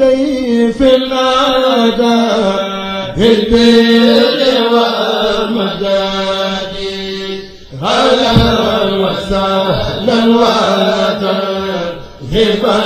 لدي في الأعداء البر والمداد هلا وسهلا وترحبا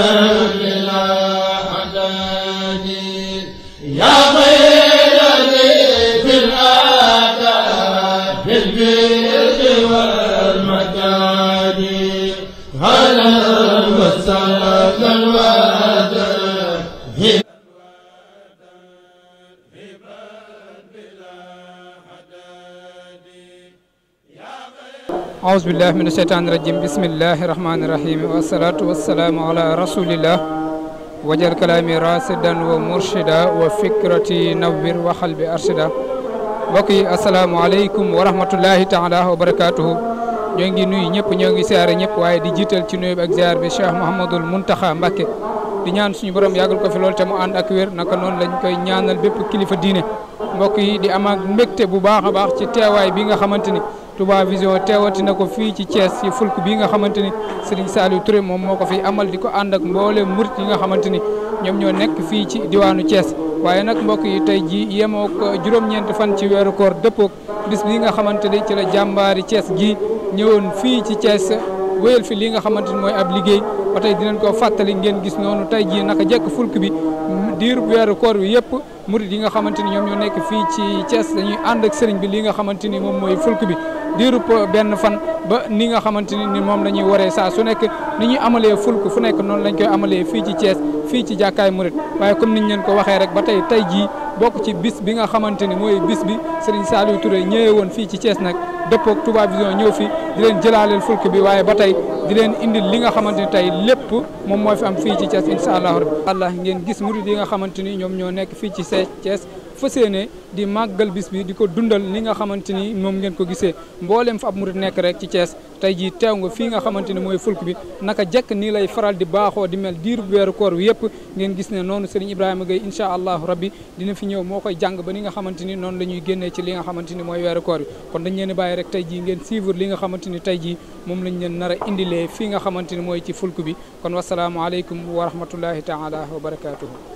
a billahi mina sheytaani rajim bismillahi rahmaani rahim wasalaatu wasalaamu ala rasulillah wajal kalaami rasidan wa murshida wa fikrati nawwir wa xalbi arshida mbokk yi asalaamaaleykum wa rahmatullahi taala wa barakaatuhu ñoo ngi nuyu ñëpp ñoo ngi siyaare ñëpp waaye di jiital ci nuy bi ak ziar bi Cheikh Mouhamadul Mountakha Mbacké di ñaan suñu borom yàggal ko fi lool te mu ànd ak wér naka noonu lañ koy ñaanal bépp kilifa diine mbokk di am ak bu baax ci teewaay bi nga Touba Vision teewati na ko fii ci cees ci fulk bii nga xamante ni Serigne Saliou Touré moom moo ko fi amal di ko ànd ak mboolem murit nga xamante ni ñoom ñoo nekk fii ci diwaanu cees waaye nag mbokk yi tey jii yemoo ak juróom-ñeent fan ci weeru koor dëppoog bis bii nga xamante ni ci la jàmbaari cees gi ñëwoon fii ci Thiès wéyal fi lii nga xamante ni mooy ab liggéey ba tey dinañ ko fàttali ngeen gis noonu tey jii naka jekk fulk bi. diir weeru koor bi yëpp murid yi nga xamante ni ñoom ñoo nekk fii ci Thiès dañuy ànd ak sëriñ bi li nga xamante ni moom mooy fulk bi diiru benn fan ba ni nga xamante ni moom lañuy waree saa su nekk ni ñuy amalee fulk fu nekk noonu lañ koy amalee fii ci cees fii ci jàkkaay murid waaye comme niñ leen ko waxee rek ba tey tey jii bokk ci bis bi nga xamante ni mooy bis bi Serigne Saliou Touré ñëwee woon fii ci cees nag dëppoog Touba noo ñëw fi di leen jëlaaleel fulk bi waaye ba tey di leen indil li nga xamante ni tey lépp moom mooy fi am fii ci Thiès incha allahu rabi allah ngeen gis murid yi nga xamante ni ñoom ñoo nekk fii ci cees fas yéene di màggal bis bi di ko dundal ni nga xamante ni moom ngeen ko gisee mbooleem fa ab murit nekk rek ci cees tey jii teew nga fii nga xamante ni mooy fulk bi naka jekk nii lay faral di baaxoo di mel diir weer koor wi yëpp ngeen gis ne noonu Serigne Ibrahima Gueye incha allahu rabbi dina fi ñëw moo koy jàng ba ni nga xamante ni noonu la ñuy génnee ci li nga xamante ni mooy weeru koor bi kon dañ leen bàyyi rek tey ji ngeen suivre li nga xamante ni tey jii moom lañ leen nar a fii nga xamante ni mooy ci fulk bi kon wasalaamaaleykum wa rahmatullahi taala wa barakatuhu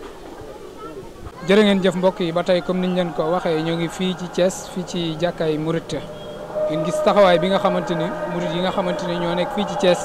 jërë ngeen jëf mbokk yi ba tey comme niñ leen ko waxee ñoo ngi fii ci Thiès fii ci jàkkaay murit ngeen gis taxawaay bi nga xamante ni murit yi nga xamante ni ñoo nekk fii ci Thiès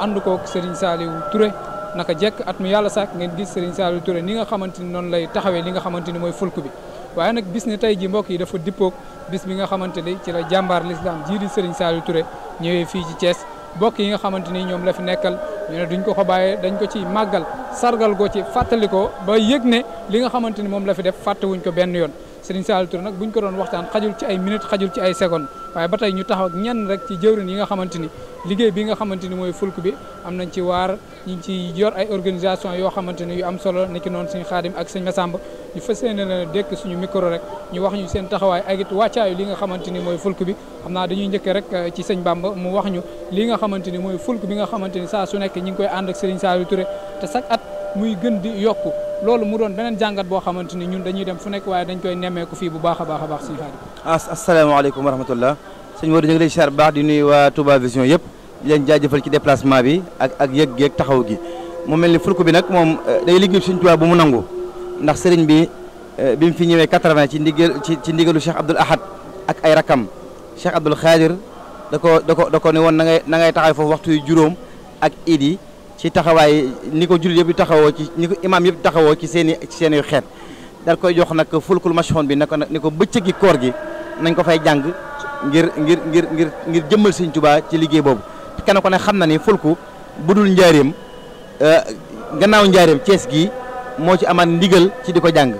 ànd kook Serigne Saliou Touré naka jekk at mu yàlla sàkk ngeen gis Serigne Saliou Touré ni nga xamante ni noonu lay taxawee li nga xamante ni mooy fulku bi waaye nag bis ni tey ji mbokk yi dafa dippoog bis bi nga xamante ni ci la jàmbaar l'islam jii di Serigne Saliou ture ñëwee fii ci cees mbokk yi nga xamante ni ñoom la fi nekkal ñu ne duñ ko ko bàyyee dañ ko ci màggal sargal ko ci fàttali ko ba yëg ne li nga xamante ni moom la fi def fàttewuñ ko benn yoon Serigne Saliou Touré nag buñ ko doon waxtaan xajul ci ay minutes xajul ci ay secondes waaye ba tey ñu taxaw ak ñenn rek ci jëwrin yi nga xamante ni liggéey bi nga xamante ni mooy fulk bi am nañ ci waar ñu ngi ci yor ay organisation yoo xamante ni yu am solo niki noonu suñu xaadim ak sëñ Massamba ñu fas yéene na dékk suñu micro rek ñu wax ñu seen taxawaay ak it wàccaayu li nga xamante ni mooy fulk bi xam dañuy njëkkee rek eh, ci sëñ Bamba mu wax ñu li nga xamante ni mooy fulk bi nga xamante ni saa su nekk ñi ngi koy ànd ak Serigne Saliou Touré te chaque at muy gën di yokku loolu mu doon beneen jàngat boo xamante ni ñun dañuy dem fu nekk waaye dañ koy nemmeeku fii bu baax a baax a baax suñu xarit. asalaamaaleykum wa rahmatullah sëñ Modou ñu ngi di nuyu waa Touba Vision yëpp di leen jaajëfal ci déplacement bi ak ak yëg-yëg taxaw gi mu mel ni fulku bi nag moom eh, day liggéey sëñ Touba bu mu nangu ndax sëriñ bi eh, bi fi ñëwee 80 ci ndigal ci ci ndigalu Cheikh Abdoul Ahad ak ay rakam Cheikh Abdoul Khadir da ko da ko da ko ne woon ngay na ngay taxaw foofu waxtu juróom ak iid ci taxawaay ni ko jullit yëpp di taxawoo ci ni ko imaam yëpp taxawoo ci seen i seen i xeet dal koy jox nag fulkul mashxoon bi ne ko nag ni ko bëccëgi koor gi nañ ko fay jàng ngir ngir ngir ngir ngir jëmmal Sëñ Tuubaa ci liggéey boobu kenn ko ne xam na ni fulku bu dul njaareem euh, gannaaw njaareem Cees gii moo ci amaat ndigal ci di ko jàng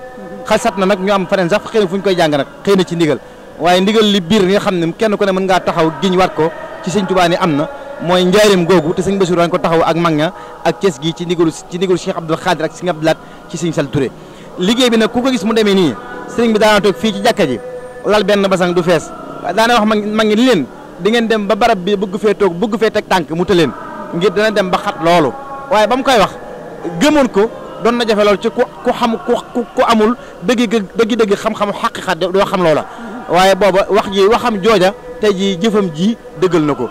xasat na nag ñu am faneen sax xëy na fu ñu koy jàng nag xëy na ci ndigal waaye ndigal li biir nga xam ne kenn ku ne mën ngaa taxaw giñ waat ko ci Sëñ Tuubaa ni am na mooy njaareem googu te sëñ Basiru daan ko taxaw ak mag ña ak kees gi ci ndigalu ci ndigalu Cheikh Abdoul Khadir ak sëñ Abdou Lahat ci sëñ Sall Touré liggéey bi nag ku ko gis mu demee nii sëriñ bi daana toog fii ci jàkka ji lal benn basang du fees daana wax mag mag ñi li leen di dem ba barab bi bëgg fee toog bëgg fee teg tànk mu tëleen ngir dana dem ba xat loolu waaye ba mu koy wax gëmoon ko doon na jafe loolu ci ku ku xam ku ku amul dëgg dëgg dëgg xam-xamu xaqiqat doo xam loola waaye booba wax ji waxam jooja tey ji jëfam ji dëggal na ko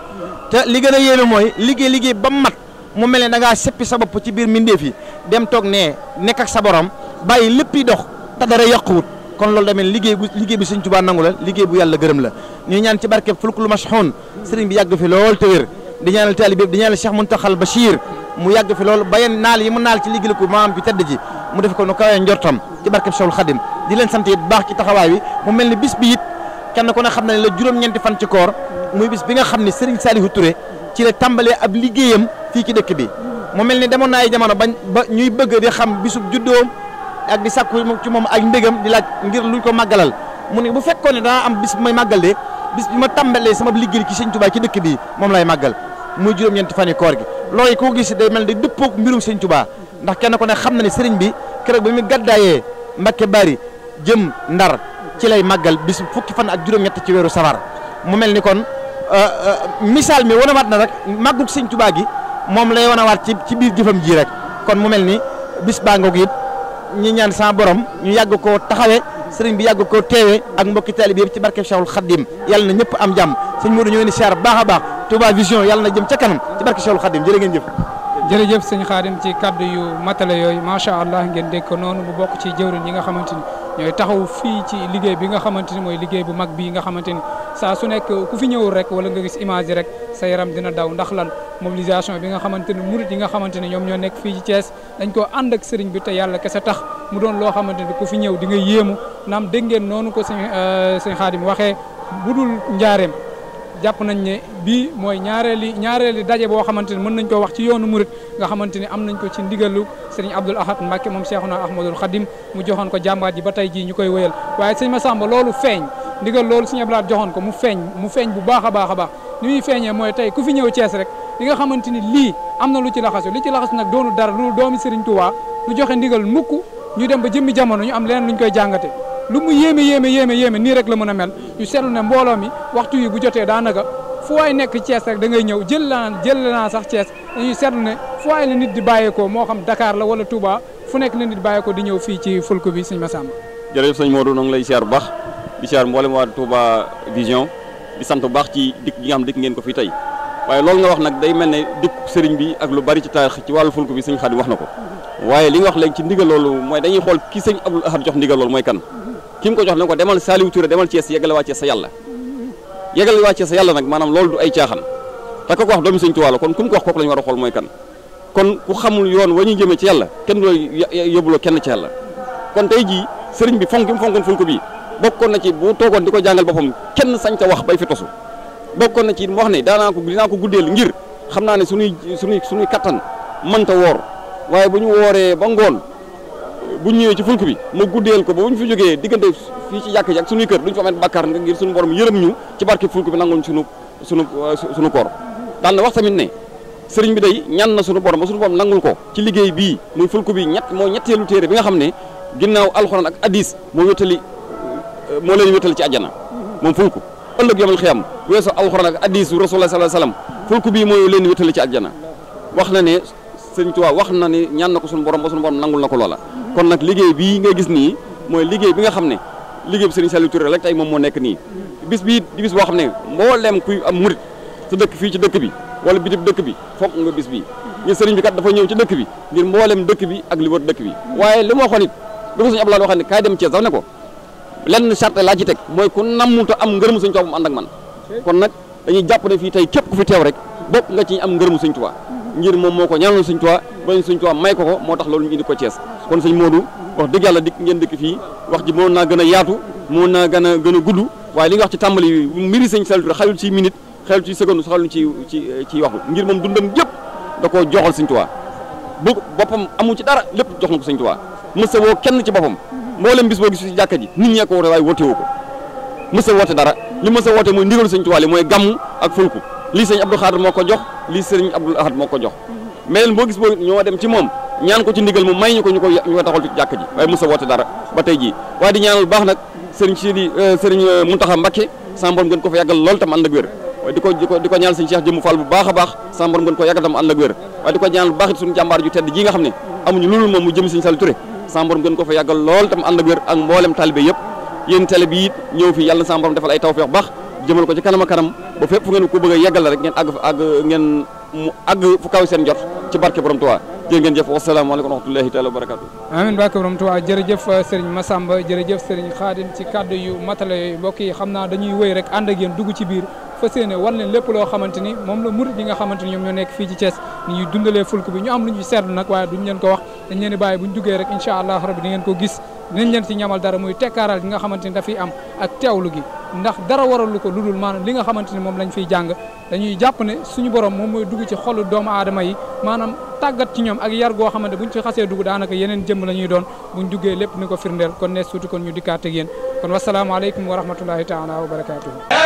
te li gën a yéeme mooy liggéey liggéey ba mat mu mel ne da ngaa seppi sa bopp ci biir mbindeef yi dem toog nee nekk ak sa borom bàyyi lépp yi dox te dara yàquwut kon loolu tamit liggéey bu liggéey bi Sëriñ Tuubaa nangu la liggéey bu yàlla gërëm la ñuy ñaan ci barkeb fulkul mashuun sëriñ bi yàgg fi lool te wér di ñaanal taalibe bi di ñaanal Cheikh Muntaxal Bachir mu yàgg fi loolu bayen naal yi mu naal ci liggéey ko maam bi tedd ji mu def ko nu kawee njortam ci barkeb Cheikhul di leen sant it baax kenn ku ne xam na ne la juróom-ñeenti fan ci koor muy bis bi nga xam ne Serigne Saliou Touré ci la tàmbalee ab liggéeyam fii ci dëkk bi mu mel ni demoon na jamono bañ ba ñuy bëgg di xam bisub juddoom ak di sàkku ci moom ak ndégam di laaj ngir luñ ko màggalal mu ne bu fekkoon ne danaa am bis bu may màggal bis bi ma tàmbalee sama liggéey ci Serigne ci dëkk bi moom lay màggal muy juróom-ñeenti fan yi koor gi loolu koo gis day mel ni dëppoog mbirum Serigne Touba ndax kenn ku ne xam na ne sëriñ bi keroog bi mu gàddaayee Mbacke Bari jëm Ndar ci lay màggal bis fukki fan ak juróom-ñett ci weeru safar mu mel ni kon euh, euh, misaal mi wanawaat na rek màggug sëñ Tuubaa gi moom lay wanawaat ci ci biir jëfam ji rek kon mu mel ni bis baa ngoog it ñi ñaan saa borom ñu yàgg koo taxawee sëriñ bi yàgg koo teewee ak mbokki taalibe yëpp ci barkeb Cheikhul Khadim yàlla na ñëpp am jàmm sëñ Modou ñëwee ni siyaar baax a baax Touba Vision yàlla na jëm ca kanam ci barkeb Cheikhul Khadim jërë ngeen jëf jërëjëf sëñ Khadim ci kaddu yu matale yooyu macha allah ngeen dégg ko noonu bu bokk ci jëwriñ yi nga xamante ni ñooy taxaw fii ci liggéey bi nga xamante ni mooy liggéey bu mag bii nga xamante ni saa su nekk ku fi ñëwul rek wala nga gis image yi rek sa yaram dina daw ndax lan mobilisation bi nga xamante ni murit yi nga xamante ni ñoom ñoo nekk fii ci Thiès dañ ko ànd ak sëriñ bi te yàlla kese tax mu doon loo xamante ni ku fi ñëw di nga yéemu naam dégg ngeen noonu ko sëñ euh, sëñ Xaadim waxee dul njaareem jàpp nañ ne bii mooy ñaareeli ñaareeli daje boo xamante ne mën nañ koo wax ci yoonu murit nga xamante ne am nañ ko ci ndigalu sëriñ Abdoul Ahad Mbacke moom Cheikhuna Ahmadul Khadim mu joxoon ko jàmbaat ji ba tey jii ñu koy wéyal waaye sëñ Massamba loolu feeñ ndigal loolu sëñ Abdoul Ahad joxoon ko mu feeñ mu feeñ bu baax a baax a baax ni muy feeñee mooy tey ku fi ñëw Cees rek li nga xamante ni lii am na lu ci laxasu li ci laxasu nag doonu dara lu doomi sëriñ Tuubaa lu joxe ndigal mukk ñu dem ba jëmmi jamono ñu am leneen luñ koy jàngate lu mu yéeme yéeme yéeme yéeme nii rek la mën a mel ñu seetlu ne mbooloo mi waxtu yi bu jotee daanaka fu waay nekk cees rek da ngay ñëw jël naa jël naa sax cees dañuy seetlu ne fu waay la nit di bàyyeekoo moo xam Dakar la wala Touba fu nekk la nit bàyyeekoo di ñëw fii ci fulku bi sëñ Massamba. jërëjëf sëñ Modou noo ngi lay siyaar bu baax di siyaar mboolem waa tuuba Vision di sant bu baax ci dikk gi nga xam dikk ngeen ko fii tey waaye loolu nga wax nag day mel ne dikk sëriñ bi ak lu bari ci taarix ci wàllu fulku bi sëñ Xaadim wax na ko waaye li nga wax léegi ci ndigal loolu mooy dañuy xool ki sëñ Abdul Ahad jox mooy kan ki mu ko jox ne ko demal Saliou Touré demal Thiès yeggale waa Thiès yàlla yeggale waa Thiès yàlla nag maanaam loolu du ay caaxan te ko wax doomi Sëñ Tuubaa la kon ku mu ko wax xamul yoon wa ñuy jëmee ci yàlla kenn looy yóbbuloo kenn ci yàlla kon tey jii sëriñ bi fonk gi mu fonkoon fonk bii bokkoon na ci bu toogoon di ko jàngal boppam kenn sañ ta wax bay fi tosu bokkoon na ci mu wax ne daanaa ko dinaa ko guddeel ngir xam naa ne suñuy suñuy suñuy kattan mënta woor waaye bu ñu wooree ba ngoon bu ñëwee ci fulk bi ma guddeel ko ba bu ñu fi jógee diggante fii ci yàkk ji ak suñuy kër duñ fa amee bàkkaar na ko ci liggéey bii muy fulk bi ñett moo ñetteelu téere bi nga xam ne ginnaaw alxuraan ak hadis moo wétali moo leen wétali ci àjjana moom fulk ëllëg yomal xiyam weesoo alxuraan ak hadis rasulullah sallallahu alayhi wasallam fulk bii mooy leen wétali ci àjjana wax na ne sëriñ Tuubaa wax na ne ñaan na ko suñu borom ba suñu borom nangul na ko loola kon nag liggéey bii nga gis nii mooy liggéey bi nga xam ne liggéey bi Serigne Saliou Touré rek tey moom moo nekk nii bis bi di bis boo xam ne mboolem kuy am murit sa dëkk fii ci dëkk bi wala bitib dëkk bi foog nga bis bi ngir sëriñ bi kat dafa ñëw ci dëkk bi ngir mbooleem dëkk bi ak li dëkk bi waaye li ma waxoon it bi ko suñu Abdoulaye waxee dem Thiès sax ne ko lenn charte laa ci teg mooy ku nammuta am ngërëmu Sëriñ Tuubaa mu ànd ak man kon nag dañuy jàpp ne fii tey képp ku fi teew rek bokk nga ci am ngërëmu Sëriñ Tuubaa ngir moom moo ko ñaanal Sëñ Tuubaa bañ Sëñ Tuubaa may ko ko moo tax loolu ñu indi ko Thiès kon Sëñ Modou wax dëgg yàlla dikk ngeen dëkk fii wax ji moo naa gën a yaatu moo naa gën a gën gudd waaye li nga wax ci tàmbali yi mbiri Sëñ Saliou Touré xayul ci minute xayul ci seconde xayul ci ci ci waxtu ngir moom dundam da koo joxal Sëñ Tuubaa bu boppam amu ci dara lépp jox na ko Sëñ Tuubaa mësa woo kenn ci boppam mboolem bis boo gis ci jàkka ji nit ñee ko woote waaye woote woo ko mësa woote dara li mësa woote mooy ndigalu Sëñ li mooy gàmm ak fulku lii sëñ Abdou Khadr moo ko jox lii sëriñ Abdoul Ahad moo ko jox mais leen boo gis boo ñoo dem ci moom ñaan ko ci ndigal mu may ñu ko ñu ko ñu ko taxal ci jàkk ji waaye mos a woote dara ba tey jii waaye di ñaanal baax nag sëriñ Sidi euh, sëriñ euh, Mountakha Mbacké samborom ko fa yàggal lool tam ànd ak wér waaye di ko di ko baax a baax samborom gën ko yàggal tam ànd ak wér waaye di ko ñaanal baax it suñu jàmbaar ju tedd ji nga xam ne amuñu loolu moom mu jëm sëñ Saliou Touré samborom gën ko fa yàggal lool tam ànd ak wér ak mboolem talibé yëpp yéen télé bi it ñëw fi yàlla samborom defal ay tawfeex baax jëmal ko ci kanam a kanam ba fépp fu ngeen ko bëgg a yeggale rek ngeen àgg fa àgg ngeen mu àgg fu kaw seen jot ci barke borom Tuubaa jërë ngeen jëf wasalaamaaleykum wa rahmatulahi taala wa jërëjëf euh, sëriñ Massamba ci kàddu yu matale yooyu mbokk yi xam naa dañuy woy rek ànd ak yéen dugg ci biir fas yéene war leen lépp loo xamante ni moom la murit yi nga xamante ni ñoom ñoo nekk fii ci Thiès ni ñuy dundalee fulk bi ñu am lu ñu seetlu nag waaye duñ leen ko wax dañ leen di bàyyi buñ duggee rek incha allah rabbi di ngeen ko gis dinañ leen si ñamal dara muy tekkaaral gi nga xamante ni dafay am ak teewlu gi ndax dara waralu ko lu dul maanaam li nga xamante ni moom lañu fiy jàng dañuy jàpp ne suñu borom moom mooy dugg ci xolu doomu aadama yi maanaam tàggat ci ñoom ak yar goo xamante bu ñu ci xasee dugg daanaka yeneen jëmm lañuy ñuy doon buñ duggee lépp ni ko firndeel kon ne suuti kon ñu dikkaat ak kon wasalaamaaleykum wa rahmatullahi taala wa barakaatuhu.